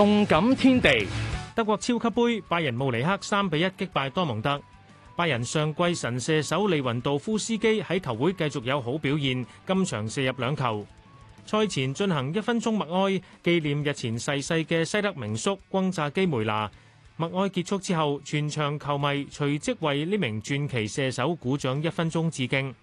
動感天地，德國超級杯，拜仁慕尼黑三比一擊敗多蒙特。拜仁上季神射手利雲杜夫斯基喺球會繼續有好表現，今場射入兩球。賽前進行一分鐘默哀，紀念日前逝世嘅西德名宿轟炸機梅拿。默哀結束之後，全場球迷隨即為呢名傳奇射手鼓掌一分鐘致敬。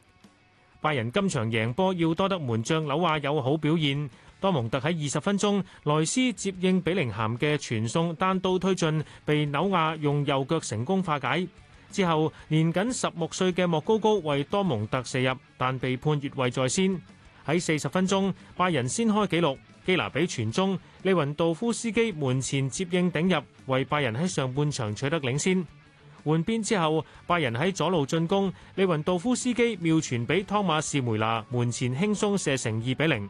拜仁今場贏波，要多得門將紐亞有好表現。多蒙特喺二十分鐘，萊斯接應比寧鹹嘅傳送，單刀推進被紐亞用右腳成功化解。之後，年僅十六歲嘅莫高高為多蒙特射入，但被判越位在先。喺四十分鐘，拜仁先開紀錄，基拿比傳中，利雲杜夫斯基門前接應頂入，為拜仁喺上半場取得領先。換邊之後，拜仁喺左路進攻，利雲杜夫斯基妙傳俾湯馬士梅拿，門前輕鬆射成二比零。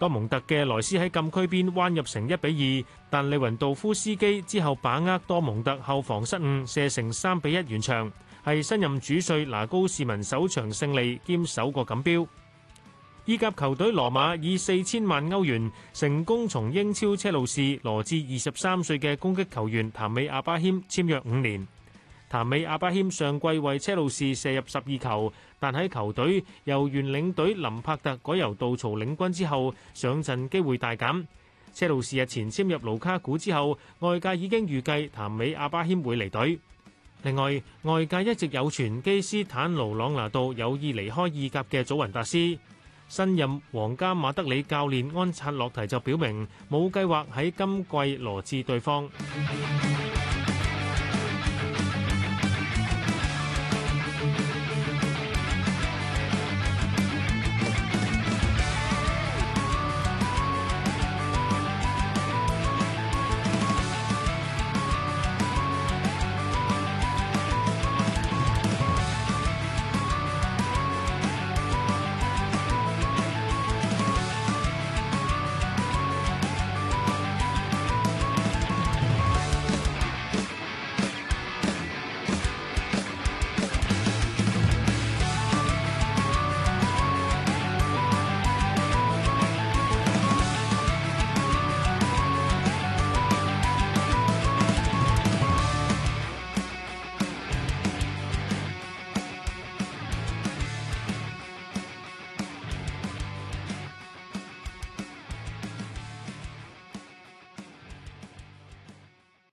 多蒙特嘅萊斯喺禁區邊彎入成一比二，但利雲杜夫斯基之後把握多蒙特後防失誤，射成三比一完場，係新任主帥拿高士文首場勝利兼首個錦標。意甲球隊羅馬以四千萬歐元成功從英超車路士羅致二十三歲嘅攻擊球員譚美阿巴謙簽約五年。譚美阿巴謙上季為車路士射入十二球，但喺球隊由原領隊林柏特改由杜曹領軍之後，上陣機會大減。車路士日前簽入盧卡古之後，外界已經預計譚美阿巴謙會離隊。另外，外界一直有傳基斯坦奴朗拿度有意離開意甲嘅祖雲達斯，新任皇家馬德里教練安察洛提就表明冇計劃喺今季羅致對方。